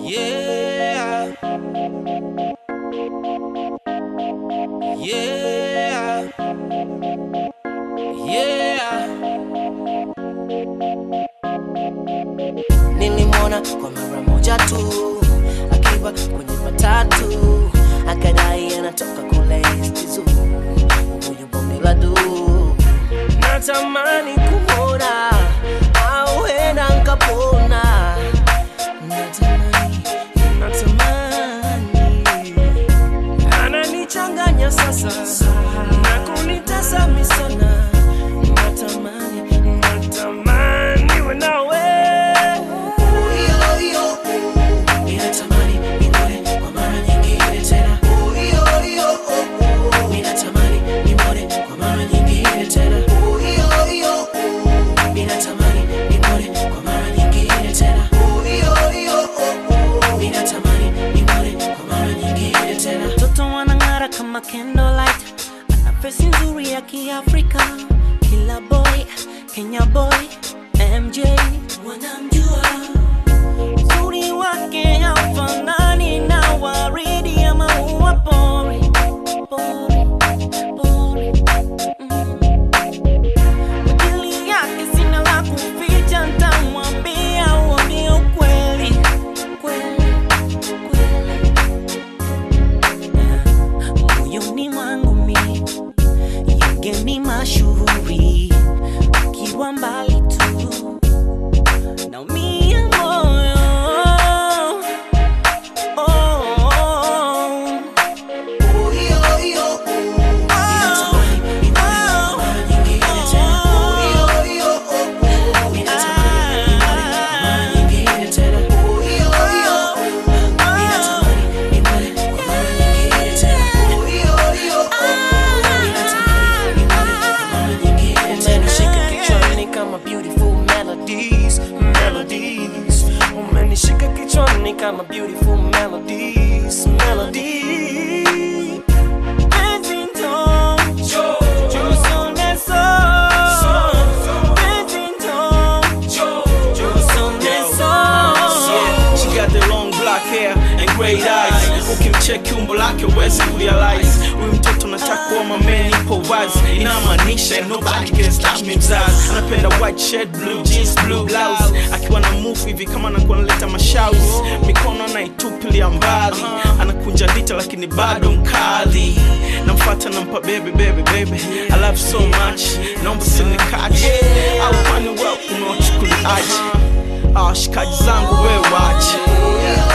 Yeah. Yeah. kwa mara moja tu akiwa kwenye matatu akadai anatoka kule Estizu Africa, Killer Boy, Kenya Boy, MJ, wanamjua I'm a beautiful melody. cheki umbo lake uwezi kurealize huyu mtoto natakuwa mameni ipo wazi inamaanisha nobody can stop me mzazi anapenda white shirt blue jeans blue blouse akiwa na move hivi kama anakuwa analeta mashaus mikono anaitupilia mbali anakunja dita lakini bado mkali namfata nampa bebe bebe bebe i love so much naomba sinikache au kwani wewe umewachukuliaje awashikaji ah, zangu wewe wache yeah.